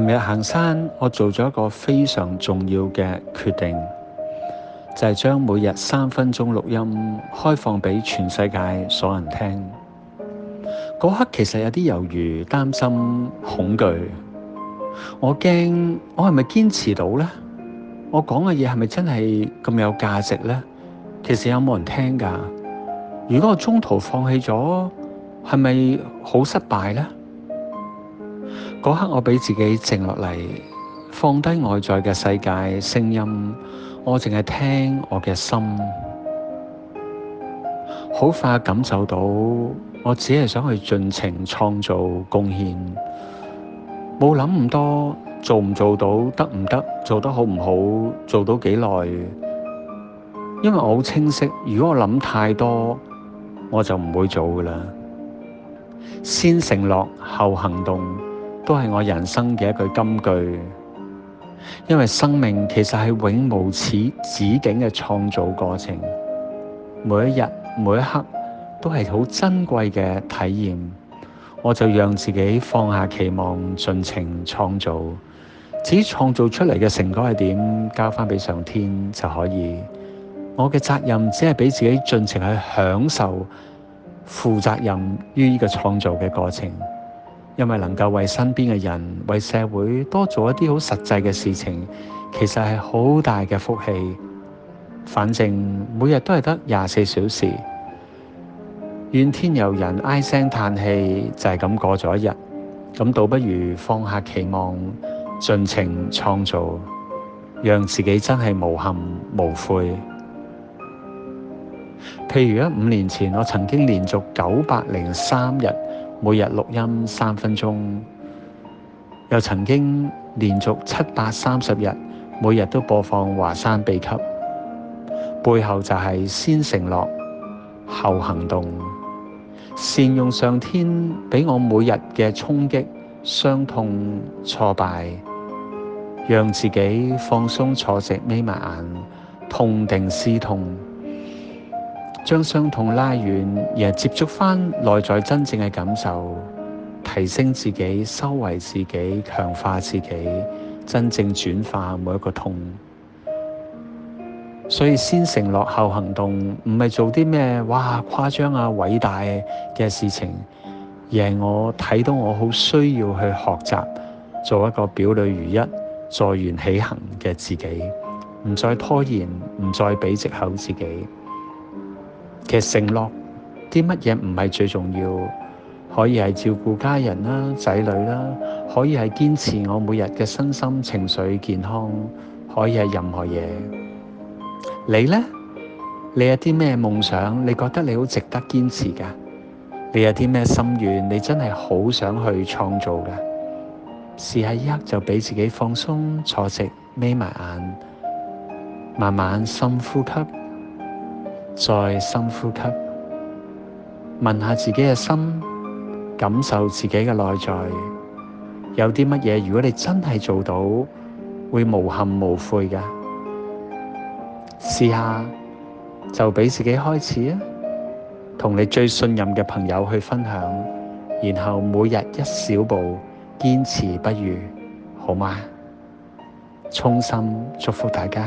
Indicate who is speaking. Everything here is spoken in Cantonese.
Speaker 1: 琴日行山，我做咗一個非常重要嘅決定，就係將每日三分鐘錄音開放俾全世界所有人聽。嗰刻其實有啲猶豫、擔心、恐懼，我驚我係咪堅持到呢？我講嘅嘢係咪真係咁有價值呢？其實有冇人聽㗎？如果我中途放棄咗，係咪好失敗呢？嗰刻我俾自己靜落嚟，放低外在嘅世界聲音，我淨係聽我嘅心。好快感受到，我只係想去盡情創造貢獻，冇諗咁多，做唔做到得唔得，做得好唔好，做到幾耐？因為我好清晰，如果我諗太多，我就唔會做㗎喇。先承諾後行動。都係我人生嘅一句金句，因為生命其實係永無止止境嘅創造過程，每一日、每一刻都係好珍貴嘅體驗。我就讓自己放下期望，盡情創造，至於創造出嚟嘅成果係點，交翻俾上天就可以。我嘅責任只係俾自己盡情去享受，負責任於呢個創造嘅過程。因為能夠為身邊嘅人、為社會多做一啲好實際嘅事情，其實係好大嘅福氣。反正每日都係得廿四小時，怨天尤人、唉聲嘆氣就係咁過咗一日。咁倒不如放下期望，盡情創造，讓自己真係無憾無悔。譬如咧，五年前我曾經連續九百零三日。每日錄音三分鐘，又曾經連續七百三十日，每日都播放華山秘笈。背後就係先承諾，後行動，善用上天畀我每日嘅衝擊、傷痛、挫敗，讓自己放鬆坐直，眯埋眼，痛定思痛。將傷痛拉遠，而係接觸翻內在真正嘅感受，提升自己，修為自己，強化自己，真正轉化每一個痛。所以先承諾後行動，唔係做啲咩哇誇張啊偉大嘅事情，而係我睇到我好需要去學習，做一個表裏如一、再願起行嘅自己，唔再拖延，唔再俾借口自己。其實承諾啲乜嘢唔係最重要，可以係照顧家人啦、仔女啦，可以係堅持我每日嘅身心情緒健康，可以係任何嘢。你呢？你有啲咩夢想？你覺得你好值得堅持嘅？你有啲咩心願？你真係好想去創造嘅？試下，一刻就俾自己放鬆，坐直，眯埋眼，慢慢深呼吸。再深呼吸，問下自己嘅心，感受自己嘅內在有啲乜嘢？如果你真係做到，會無憾無悔㗎。試下就俾自己開始啊！同你最信任嘅朋友去分享，然後每日一小步，堅持不渝，好嗎？衷心祝福大家。